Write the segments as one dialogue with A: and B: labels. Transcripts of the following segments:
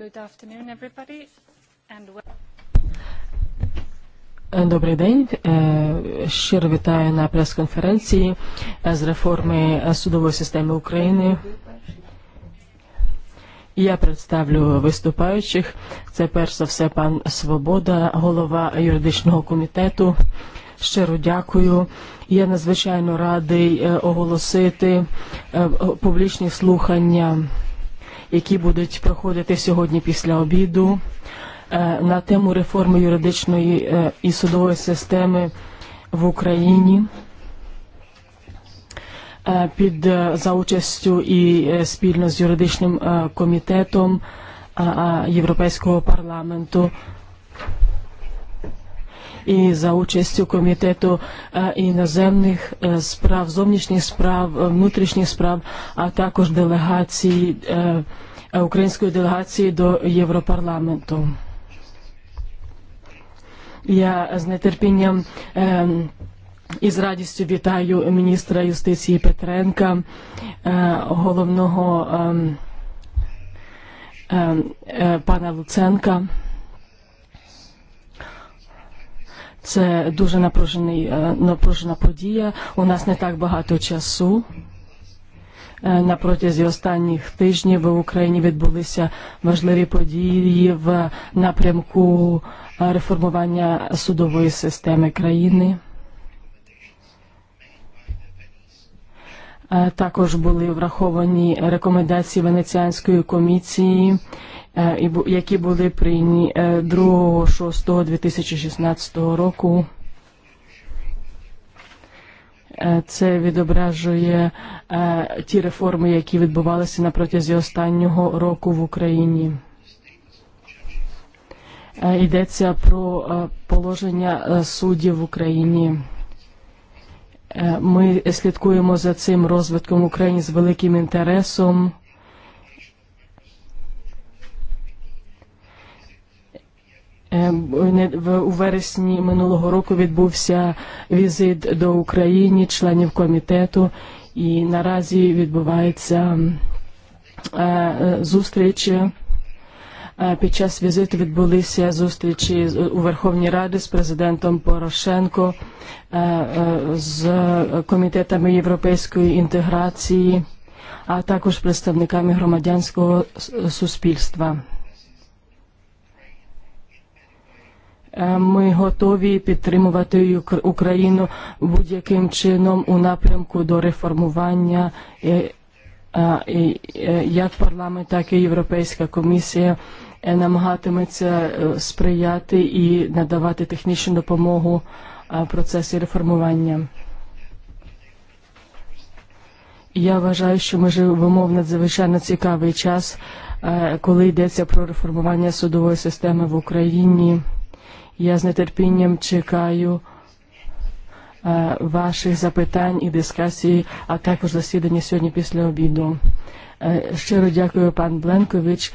A: Good afternoon, everybody, and
B: Добрий день. Щиро вітаю на прес-конференції з реформи судової системи України. Я представлю виступаючих. Це перш за все пан Свобода, голова юридичного комітету. Щиро дякую. Я надзвичайно радий оголосити публічні слухання які будуть проходити сьогодні після обіду на тему реформи юридичної і судової системи в Україні під за участю і спільно з юридичним комітетом Європейського парламенту и за участю комітету иноземных справ, зовнішніх справ, внутрішніх справ, а також делегації, української делегації до Європарламенту. Я з нетерпінням І з радістю вітаю міністра юстиції Петренка, головного пана Луценка. Це дуже напружений, напружена подія. У нас не так багато часу. На протязі останніх тижнів в Україні відбулися важливі події в напрямку реформування судової системи країни. Також були враховані рекомендації Венеціанської комісії які були прийні 2.6.2016 року. Це відображує ті реформи, які відбувалися на протязі останнього року в Україні. Йдеться про положення суддів в Україні. Ми слідкуємо за цим розвитком України з великим інтересом. у вересні минулого року відбувся візит до України членів комітету, і наразі відбувається зустріч. Під час візиту відбулися зустрічі у Верховній Раді з президентом Порошенко, з комітетами європейської інтеграції, а також представниками громадянського суспільства. Ми готові підтримувати Україну будь-яким чином у напрямку до реформування як парламент, так і Європейська комісія намагатиметься сприяти і надавати технічну допомогу процесі реформування. Я вважаю, що ми живемо в надзвичайно цікавий час, коли йдеться про реформування судової системи в Україні. Я з нетерпінням чекаю ваших запитань і дискусій, а також засідання сьогодні після обіду. Щиро дякую, пан Бленкович.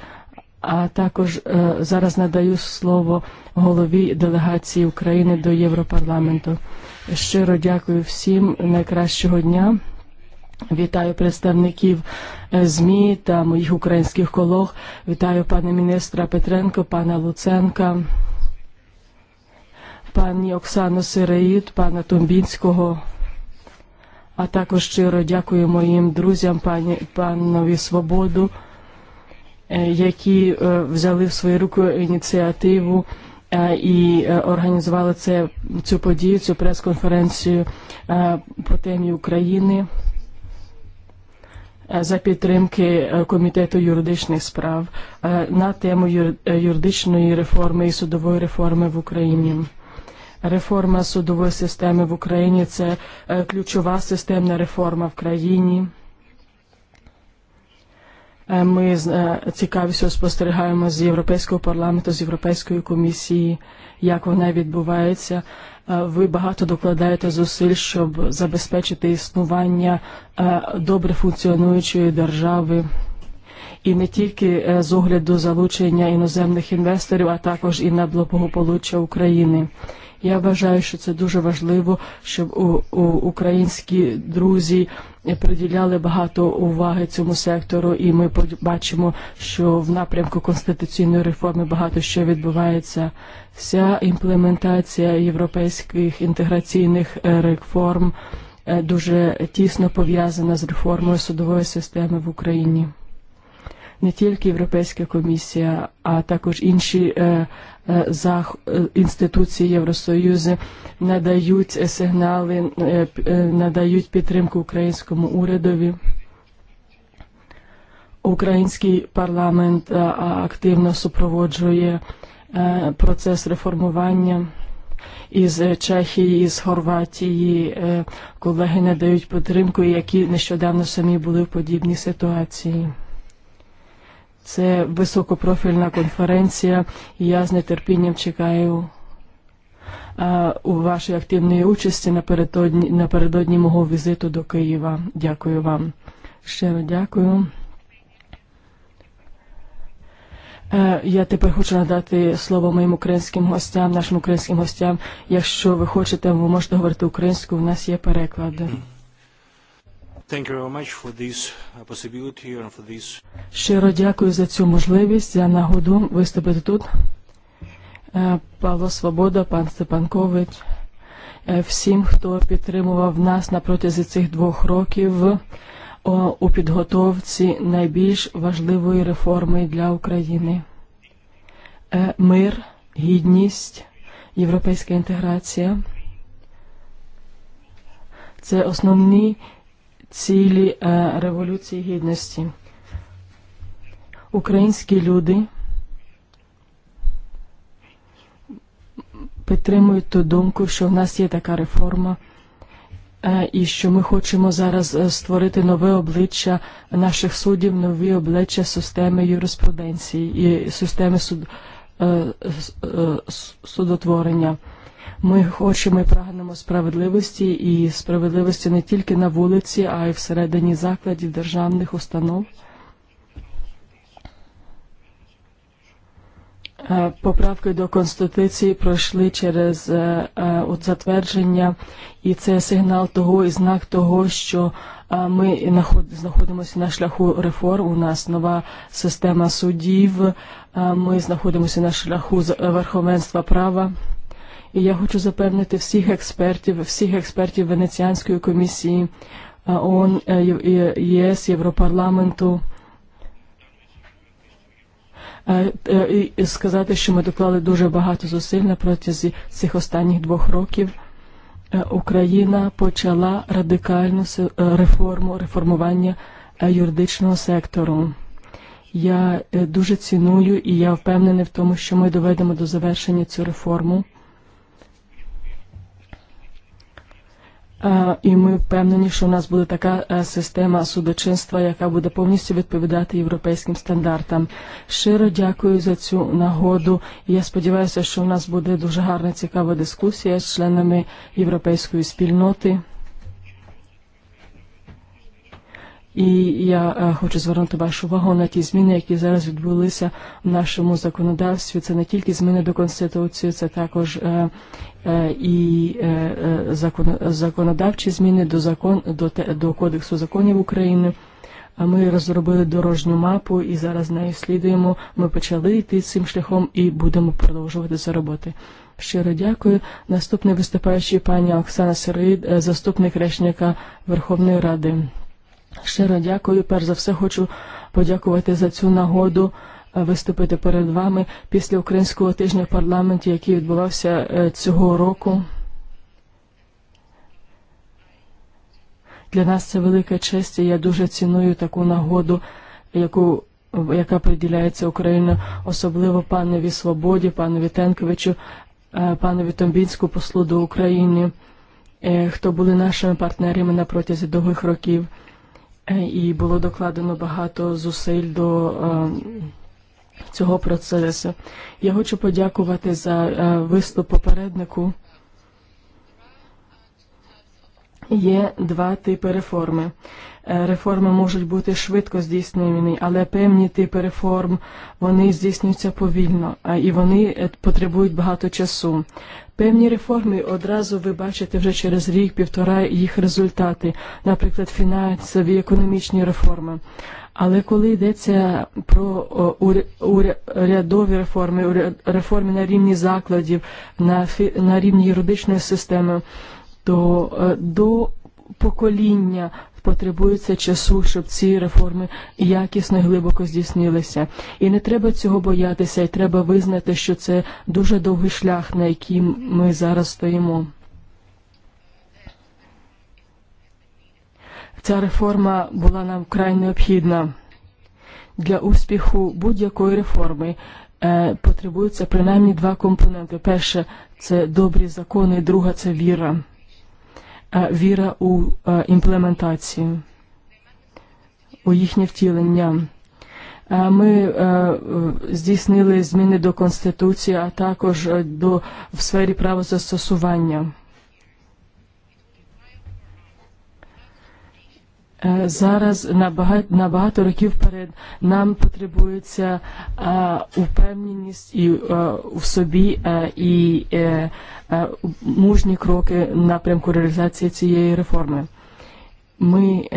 B: А також зараз надаю слово голові делегації України до Європарламенту. Щиро дякую всім найкращого дня. Вітаю представників ЗМІ та моїх українських колог. Вітаю пана міністра Петренко, пана Луценка пані Оксану Сираїд, пана Тумбінського, а також щиро дякую моїм друзям, пані, панові Свободу, які взяли в свою руку ініціативу і організували це, цю подію, цю прес-конференцію по темі України за підтримки Комітету юридичних справ на тему юридичної реформи і судової реформи в Україні. Реформа судової системи в Україні це ключова системна реформа в країні. Ми з цікавістю спостерігаємо з Європейського парламенту, з Європейської комісії, як вона відбувається. Ви багато докладаєте зусиль, щоб забезпечити існування добре функціонуючої держави і не тільки з огляду залучення іноземних інвесторів, а також і на благополуччя України. Я вважаю, що це дуже важливо, щоб у, у українські друзі приділяли багато уваги цьому сектору, і ми побачимо, що в напрямку конституційної реформи багато що відбувається. Вся імплементація європейських інтеграційних реформ дуже тісно пов'язана з реформою судової системи в Україні не тільки Європейська комісія, а також інші інституції Євросоюзу надають сигнали, надають підтримку українському урядові. Український парламент активно супроводжує процес реформування із Чехії, із Хорватії колеги надають підтримку, які нещодавно самі були в подібній ситуації. Це високопрофільна конференція. і Я з нетерпінням чекаю у вашій активної участі напередодні, напередодні мого візиту до Києва. Дякую вам. Щиро дякую. Я тепер хочу надати слово моїм українським гостям, нашим українським гостям. Якщо ви хочете, ви можете говорити українською, у нас є переклади.
C: Thank you very much for this uh, possibility and for this.
B: Щиро дякую за цю можливість, за нагоду виступити тут. Павло Свобода, пан Степанкович, всім, хто підтримував нас на протязі цих двох років у підготовці найбільш важливої реформи для України. Мир, гідність, європейська інтеграція – це основні цілі Революції Гідності. Українські люди підтримують ту думку, що в нас є така реформа і що ми хочемо зараз створити нове обличчя наших суддів, нові обличчя системи юриспруденції і системи суд, судотворення. Ми хочемо і прагнемо справедливості і справедливості не тільки на вулиці, а й всередині закладів державних установ. Поправки до Конституції пройшли через затвердження, і це сигнал того і знак того, що ми знаходимося на шляху реформ. У нас нова система судів, ми знаходимося на шляху верховенства права. І я хочу запевнити всіх експертів, всіх експертів Венеціанської комісії, ООН, ЄС, Європарламенту, і сказати, що ми доклали дуже багато зусиль на протязі цих останніх двох років. Україна почала радикальну реформу, реформування юридичного сектору. Я дуже ціную і я впевнений в тому, що ми доведемо до завершення цю реформу. І ми впевнені, що у нас буде така система судочинства, яка буде повністю відповідати європейським стандартам. Щиро дякую за цю нагоду. Я сподіваюся, що у нас буде дуже гарна цікава дискусія з членами європейської спільноти. І я хочу звернути вашу увагу на ті зміни, які зараз відбулися в нашому законодавстві. Це не тільки зміни до Конституції, це також і законодавчі зміни до, закон, до, до Кодексу законів України. Ми розробили дорожню мапу і зараз нею слідуємо. Ми почали йти цим шляхом і будемо продовжувати це роботи. Щиро дякую. Наступний виступаючий пані Оксана Сирид, заступник речника Верховної Ради. Щиро дякую. Перш за все хочу подякувати за цю нагоду виступити перед вами після Українського тижня в парламенті, який відбувався цього року. Для нас це велика честь, і я дуже ціную таку нагоду, яку яка приділяється Україні, особливо панові Свободі, панові Тенковичу, панові Томбінську, послу до України, хто були нашими партнерами на протязі довгих років і було докладено багато зусиль до цього процесу. Я хочу подякувати за виступ попереднику Є два типи реформи. Реформи можуть бути швидко здійснені, але певні типи реформ вони здійснюються повільно і вони потребують багато часу. Певні реформи одразу ви бачите вже через рік-півтора їх результати, наприклад, фінансові, економічні реформи. Але коли йдеться про урядові реформи, реформи на рівні закладів, на, на рівні юридичної системи, то до покоління потребується часу, щоб ці реформи якісно і глибоко здійснилися. І не треба цього боятися, і треба визнати, що це дуже довгий шлях, на яким ми зараз стоїмо. Ця реформа була нам вкрай необхідна. Для успіху будь-якої реформи потребуються принаймні два компоненти. Перше – це добрі закони, друга – це віра віра у імплементацію, у їхнє втілення. Ми здійснили зміни до Конституції, а також до, в сфері правозастосування. Зараз набагато років перед нам потребується упевненість і в собі і мужні кроки напрямку реалізації цієї реформи. Ми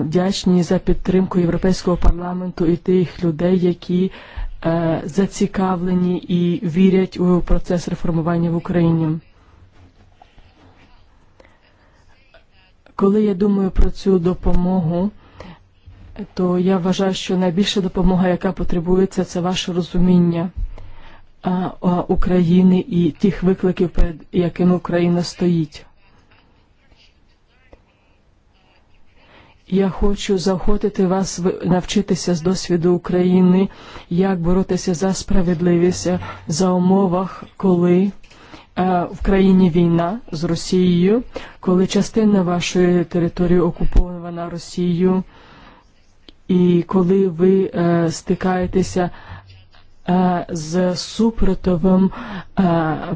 B: вдячні за підтримку Європейського парламенту і тих людей, які зацікавлені і вірять у процес реформування в Україні. Коли я думаю про цю допомогу, то я вважаю, що найбільша допомога, яка потребується, це ваше розуміння України і тих викликів, перед якими Україна стоїть. Я хочу заохотити вас навчитися з досвіду України, як боротися за справедливість за умовах, коли в країні війна з Росією, коли частина вашої території окупована Росією, і коли ви стикаєтеся з супротивом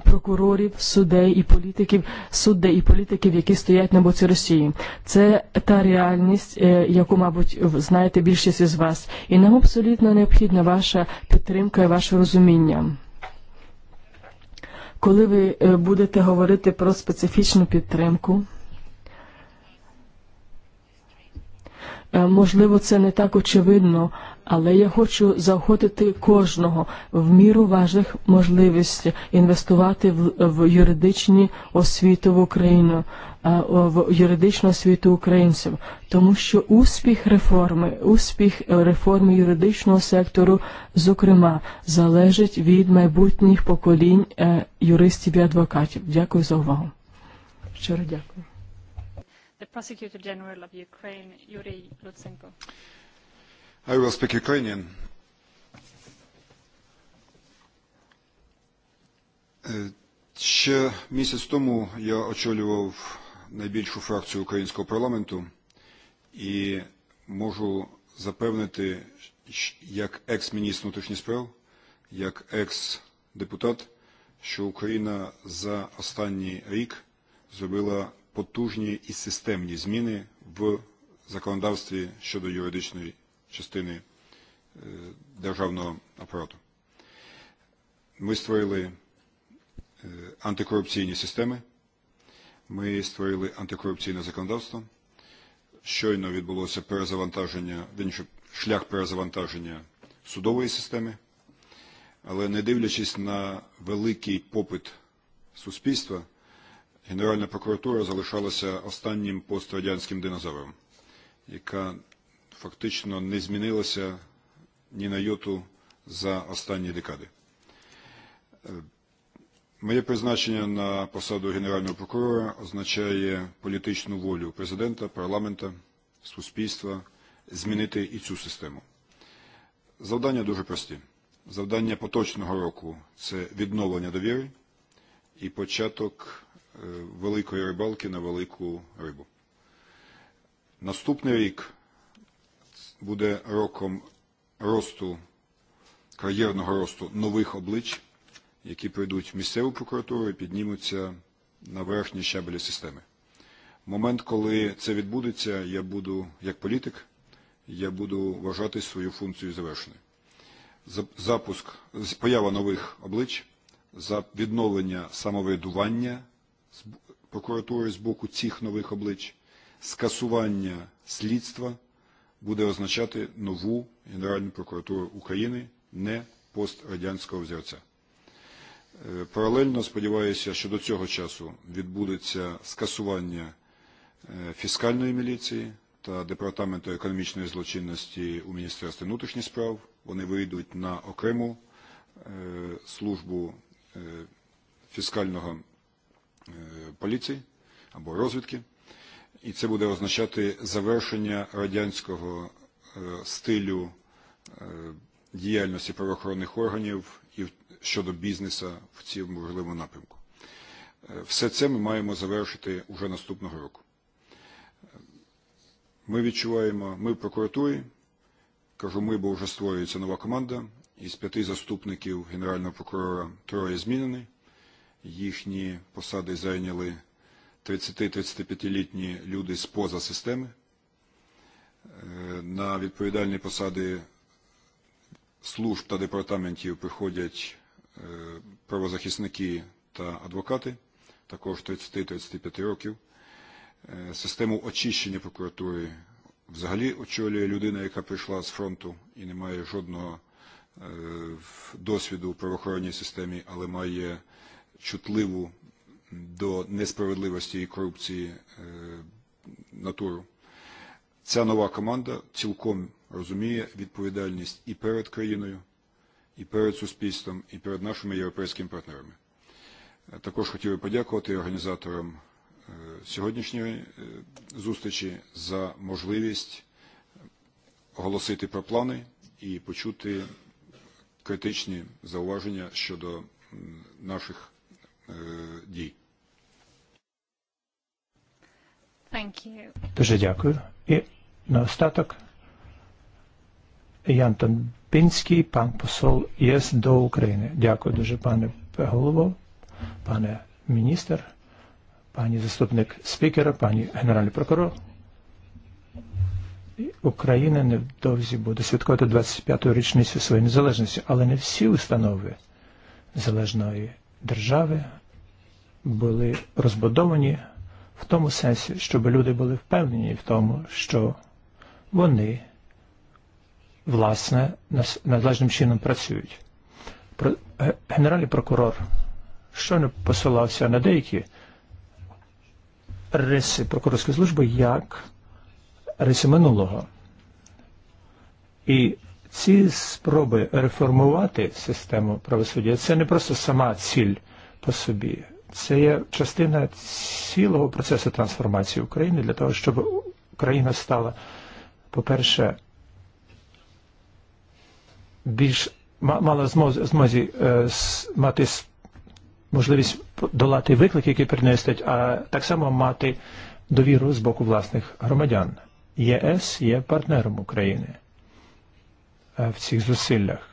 B: прокурорів, судей і політиків, суддей і політиків, які стоять на боці Росії. Це та реальність, яку, мабуть, знаєте більшість із вас. І нам абсолютно необхідна ваша підтримка і ваше розуміння. Коли ви будете говорити про специфічну підтримку, можливо, це не так очевидно, але я хочу заохотити кожного в міру ваших можливостей інвестувати в, в юридичні освіту в Україну, в юридичну освіту українців, тому що успіх реформи, успіх реформи юридичного сектору, зокрема, залежить від майбутніх поколінь юристів і адвокатів. Дякую за увагу. Щиро дякую.
A: The Prosecutor General of Ukraine, Yuri Lutsenko.
D: I will speak Ukrainian. Ще місяць тому я очолював найбільшу фракцію українського парламенту і можу запевнити, як екс-міністр внутрішніх справ, як екс-депутат, що Україна за останній рік зробила потужні і системні зміни в законодавстві щодо юридичної частини державного апарату. Ми створили антикорупційні системи, Ми створили антикорупційне законодавство. Щойно відбулося перезавантаження, інші, шлях перезавантаження судової системи. Але не дивлячись на великий попит суспільства, Генеральна прокуратура залишалася останнім пострадянським динозавром, яка фактично не змінилася ні на йоту за останні декади. Моє призначення на посаду Генерального прокурора означає політичну волю президента, парламента, суспільства змінити і цю систему. Завдання дуже прості. Завдання поточного року – це відновлення довіри і початок великої рибалки на велику рибу. Наступний рік буде роком росту, кар'єрного росту нових обличчя, які прийдуть в місцеву прокуратуру і піднімуться на верхні щабелі системи. Момент, коли це відбудеться, я буду, як політик, я буду вважати свою функцію завершеною. Запуск, поява нових облич, відновлення самоврядування прокуратури з боку цих нових облич, скасування слідства буде означати нову Генеральну прокуратуру України, не пострадянського взірця. Паралельно, сподіваюся, що до цього часу відбудеться скасування фіскальної міліції та Департаменту економічної злочинності у Міністерстві внутрішніх справ. Вони вийдуть на окрему службу фіскального поліції або розвідки. І це буде означати завершення радянського стилю діяльності правоохоронних органів щодо бізнесу в цьому можливому напрямку. Все це ми маємо завершити уже наступного року. Ми відчуваємо, ми в прокуратурі, кажу ми, бо вже створюється нова команда, із п'яти заступників генерального прокурора троє змінені, їхні посади зайняли 30-35-літні люди з поза системи. На відповідальні посади служб та департаментів приходять Э, правозахисники та адвокати, також 30-35 років. Э, систему очищення прокуратури взагалі очолює людина, яка прийшла з фронту і не має жодного досвіду у правоохоронній системі, але має чутливу до несправедливості і корупції натуру. Ця нова команда цілком розуміє відповідальність і перед країною, і перед суспільством, і перед нашими європейськими партнерами. Також хотів би подякувати організаторам сьогоднішньої зустрічі за можливість оголосити про плани і почути критичні зауваження щодо наших дій.
C: Дуже дякую. І на остаток Янтон Пінський, пан посол ЄС до України. Дякую дуже, пане голово, пане міністр, пані заступник спікера, пані генеральний прокурор. Україна невдовзі буде святкувати 25-ту річницю своєї незалежності, але не всі установи залежної держави були розбудовані в тому сенсі, щоб люди були впевнені в тому, що вони – власне належним чином працюють. Генеральний прокурор щойно посилався на деякі риси прокурорської служби як риси минулого. І ці спроби реформувати систему правосуддя це не просто сама ціль по собі, це є частина цілого процесу трансформації України для того, щоб Україна стала, по-перше, більш мала змозі мати можливість долати виклики, які принесуть, а так само мати довіру з боку власних громадян. ЄС є партнером України в цих зусиллях.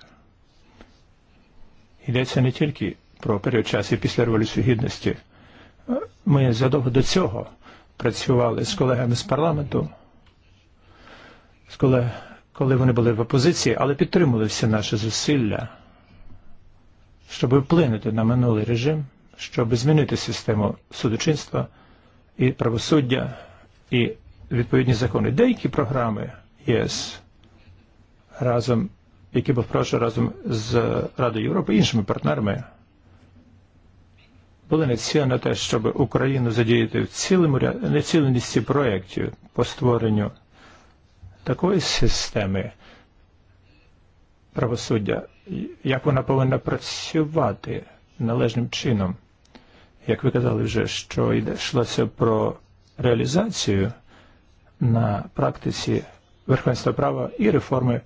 C: Йдеться не тільки про період часу після Революції Гідності. Ми задовго до цього працювали з колегами з парламенту, з колегами коли вони були в опозиції, але підтримували всі наші зусилля, щоб вплинути на минулий режим, щоб змінити систему судочинства і правосуддя і відповідні закони. Деякі програми ЄС разом, які був прошу разом з Радою Європи і іншими партнерами, були націлені на те, щоб Україну задіяти в цілому ряд, не цілісті проєктів по створенню такої системи правосуддя, як вона повинна працювати належним чином. Як ви казали вже, що йшлося про реалізацію на практиці верховенства права і реформи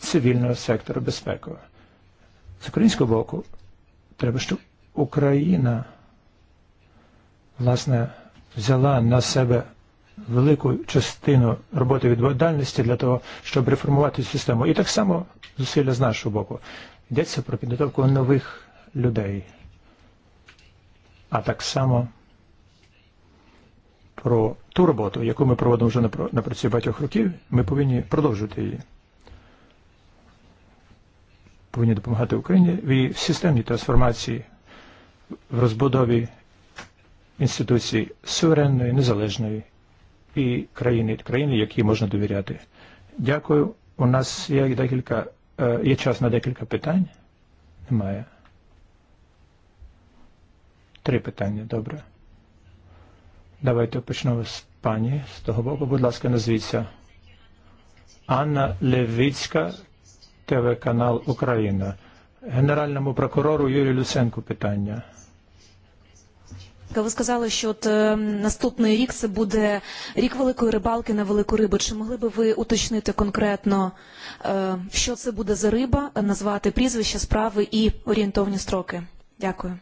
C: цивільного сектору безпеки. З українського боку, треба, щоб Україна, власне, взяла на себе велику частину роботи відповідальності для того, щоб реформувати систему. І так само зусилля з нашого боку. Йдеться про підготовку нових людей, а так само про ту роботу, яку ми проводимо вже на багатьох років, ми повинні продовжувати її. Повинні допомагати Україні в її системній трансформації, в розбудові інституції суверенної, незалежної і країни від країни, які можна довіряти. Дякую. У нас є декілька є час на декілька питань. Немає. Три питання, добре. Давайте почнемо з пані, з того боку, будь ласка, назвіться. Анна Левіцька, ТВ-канал Україна. Генеральному прокурору Юрію Люценку питання.
B: Ви сказали, що от, е, наступний рік це буде рік великої рибалки на велику рибу. Чи могли би ви уточнити конкретно, е, що це буде за риба, назвати прізвище, справи і орієнтовні строки? Дякую.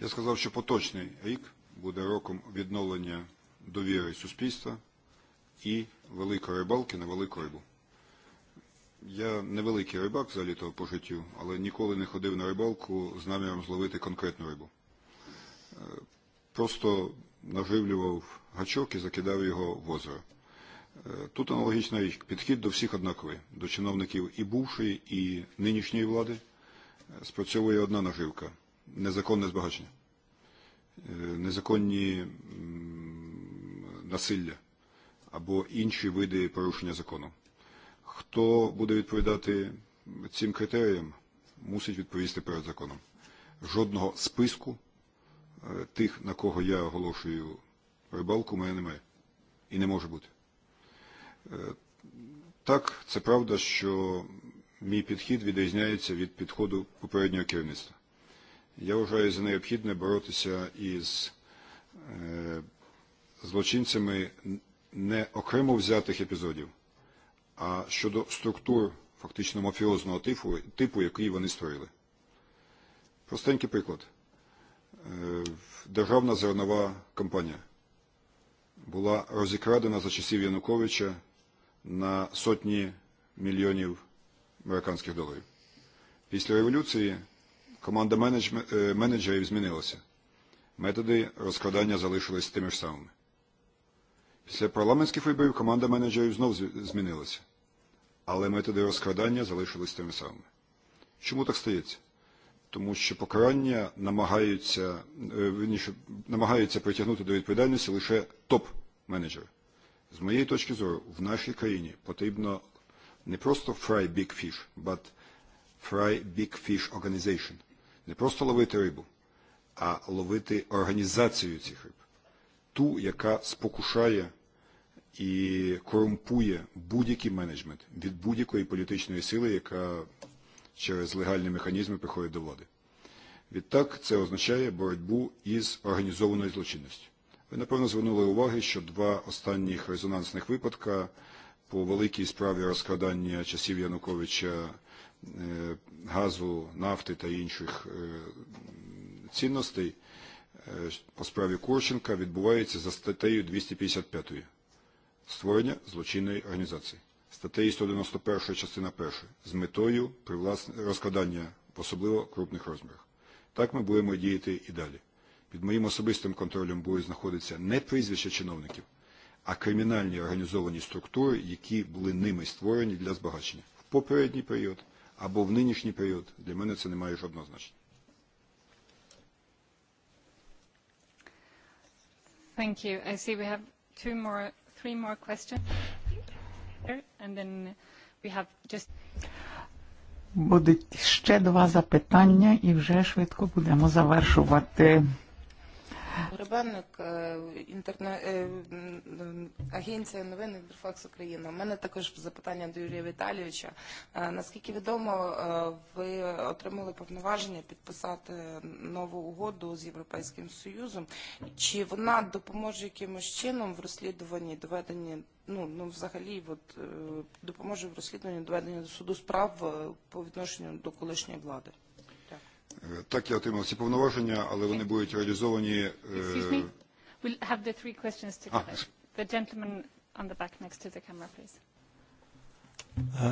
D: Я сказав, що поточний рік буде роком відновлення довіри суспільства і великої рибалки на велику рибу. Я невеликий рибак взагалі-то по життю, але ніколи не ходив на рибалку з наміром зловити конкретну рибу. Э, просто наживлював гачок і закидав його в озеро. Э, тут аналогічна річ. Підхід до всіх однаковий, до чиновників і бувшої, і нинішньої влади. Спрацьовує одна наживка – незаконне збагачення, незаконні насилля або інші види порушення закону. Хто буде відповідати цим критеріям, мусить відповісти перед законом. Жодного списку тих, на кого я оголошую рибалку, мене немає. І не може бути. Э, так, це правда, що мій підхід відрізняється від підходу попереднього керівництва. Я вважаю за необхідне боротися із злочинцями не окремо взятих епізодів, а щодо структур фактично мафіозного типу, типу який вони створили. Простенький приклад – державна зернова компанія була розікрадена за часів Януковича на сотні мільйонів американських доларів. Після революції команда менеджерів змінилася. Методи розкрадання залишились тими ж самими. Після парламентських виборів команда менеджерів знов змінилася. Але методи розкрадання залишились тими самими. Чому так стається? тому що покарання намагаються, вірніше, намагаються притягнути до відповідальності лише топ-менеджери. З моєї точки зору, в нашій країні потрібно не просто fry big fish, but fry big fish organization. Не просто ловити рибу, а ловити організацію цих риб. Ту, яка спокушає і корумпує будь-який менеджмент від будь-якої політичної сили, яка через легальні механізми приходять до влади. Відтак це означає боротьбу із організованою злочинністю. Ви, напевно, звернули уваги, що два останніх резонансних випадка по великій справі розкрадання часів Януковича газу, нафти та інших цінностей по справі Курченка відбувається за статтею 255 створення злочинної організації статей 191 частина 1 з метою розкладання в особливо крупних розмірах. Так ми будемо діяти і далі. Під моїм особистим контролем бою знаходиться не прізвища чиновників, а кримінальні організовані структури, які були ними створені для збагачення в попередній період або в нинішній період. Для мене це не має жодного значення.
A: Thank you. I see we have two more, three more questions paper And then we have just...
E: Будуть ще два запитання і вже швидко будемо завершувати. Рибанник, інтернет агенція новин Інтерфакс Україна. У мене також запитання до Юрія Віталійовича. Наскільки відомо, ви отримали повноваження підписати нову угоду з Європейським Союзом. Чи вона допоможе якимось чином в розслідуванні, доведенні ну, ну взагалі от, допоможе в розслідуванні доведення до суду справ по відношенню до
A: колишньої влади?
D: Так, я отримав ці повноваження, але вони будуть реалізовані... Excuse me,
A: we'll have the three questions together. The gentleman on the back next to the camera, please.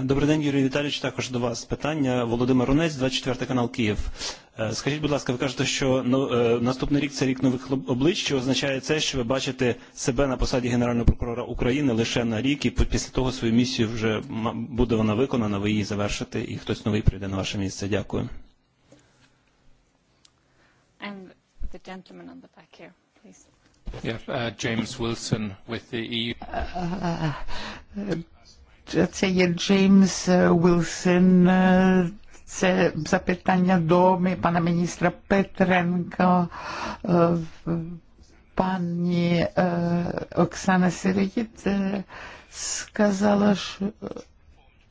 C: Добрий день, Юрій Віталійович. Також до вас питання. Володимир Рунець, 24 канал Київ. Скажіть, будь ласка, ви кажете, що наступний рік це рік нових облич, чи означає це, що ви бачите себе на посаді Генерального прокурора України лише на рік, і після того свою місію вже буде вона виконана, ви її завершите, і хтось новий прийде на ваше
A: місце. Дякую. The gentleman on the back
B: here, please.
A: Yeah, uh, James Wilson with the EU. Uh,
E: Grazie, uh, uh, James uh, Wilson. Це запитання до пана міністра Петренка пані Оксана Сиригіт że,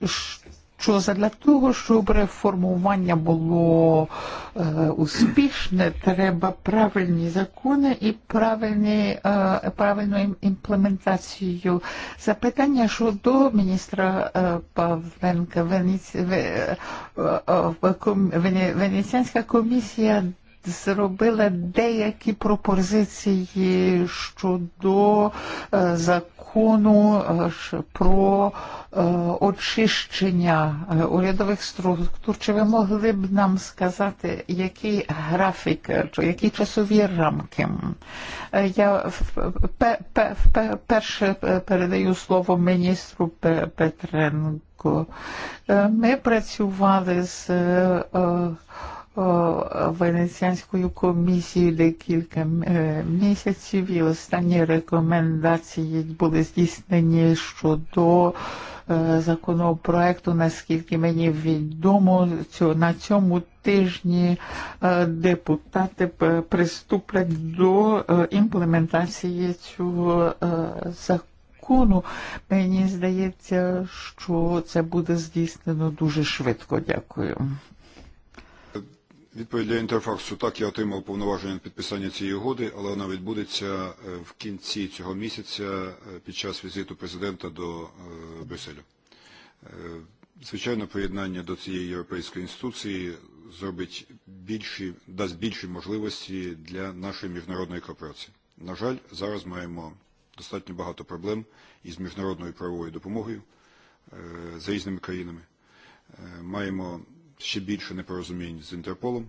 E: що що для того, щоб реформування було е, успішне, треба правильні закони і правильні, е, правильну імплементацію. Запитання щодо міністра е, Павленка Венеціанська комісія зробила деякі пропозиції щодо закону про очищення урядових структур. Чи ви могли б нам сказати, який графік, які часові рамки? Я вперше передаю слово міністру Петренку. Ми працювали з Венеціанською комісією декілька місяців і останні рекомендації були здійснені щодо законопроекту, наскільки мені відомо, на цьому тижні депутати приступлять до імплементації цього закону Мені здається, що це буде здійснено дуже швидко. Дякую.
D: Відповідь для Інтерфаксу так, я отримав повноваження на підписання цієї угоди, але вона відбудеться в кінці цього місяця під час візиту президента до Брюсселя. Звичайно, приєднання до цієї європейської інституції зробить більші, дасть більші можливості для нашої міжнародної кооперації. На жаль, зараз маємо достатньо багато проблем із міжнародною правовою допомогою з різними країнами. Маємо ще більше непорозумінь з Інтерполом.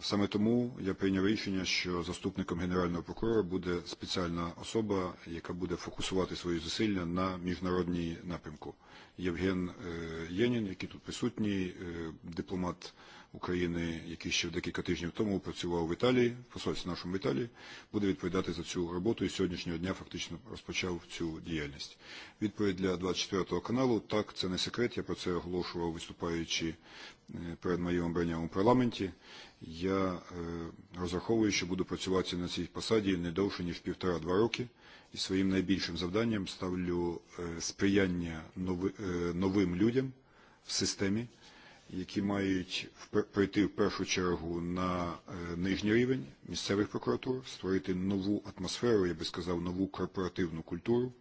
D: Саме тому я прийняв рішення, що заступником генерального прокурора буде спеціальна особа, яка буде фокусувати свої зусилля на міжнародній напрямку. Євген Єнін, який тут присутній, дипломат України, який ще декілька тижнів тому працював в Італії, в посольстві нашому в Італії, буде відповідати за цю роботу і сьогоднішнього дня фактично розпочав цю діяльність. Відповідь для 24 каналу, так, це не секрет, я про це оголошував, виступаючи перед моїм обранням у парламенті. Я розраховую, що буду працювати на цій посаді не довше, ніж півтора-два роки, і своїм найбільшим завданням ставлю сприяння новим людям в системі, які мають прийти в першу чергу на нижній рівень місцевих прокуратур, створити нову атмосферу, я би сказав, нову корпоративну культуру,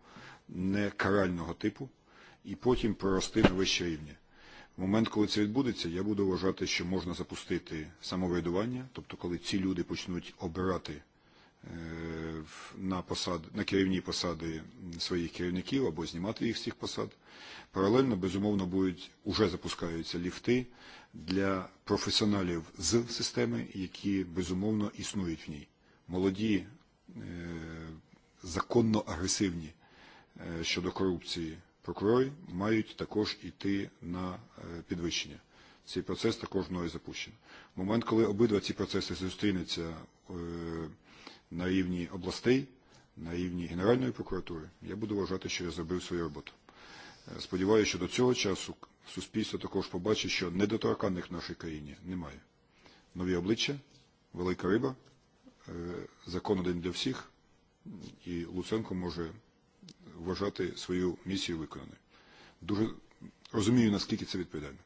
D: не карального типу, і потім прорости на вище рівні. В момент, коли це відбудеться, я буду вважати, що можна запустити самоврядування, тобто коли ці люди почнуть обирати Э, на, посад, на керівні посади своїх керівників або знімати їх з цих посад. Паралельно, безумовно, будуть, уже запускаються ліфти для професіоналів з системи, які, безумовно, існують в ній. Молоді, законно агресивні щодо корупції прокурори мають також іти на підвищення. Цей процес також мною запущено. Момент, коли обидва ці процеси зустрінуться на рівні областей, на рівні Генеральної прокуратури, я буду вважати, що я зробив свою роботу. Сподіваюся, що до цього часу суспільство також побачить, що недоторканних в нашій країні немає. Нові обличчя, велика риба, закон один для всіх, і Луценко може вважати свою місію виконаною. Дуже розумію, наскільки це відповідально.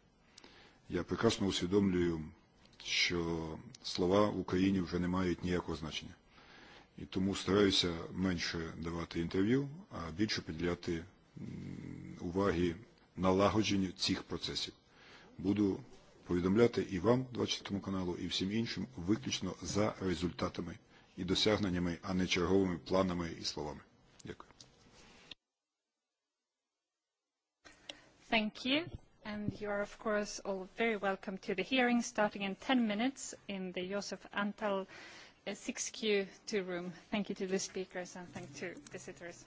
D: Я прекрасно усвідомлюю, що слова в Україні вже не мають ніякого значення і тому стараюся менше давати інтерв'ю, а більше приділяти уваги налагодженню цих процесів. Буду повідомляти і вам, 24 каналу, і всім іншим, виключно за результатами і досягненнями, а не черговими планами і словами. Дякую.
A: Thank you. And you are, of course, all very welcome to the hearing starting in 10 minutes in the Josef Antal 6 q two room. Thank you to the speakers and thank to visitors.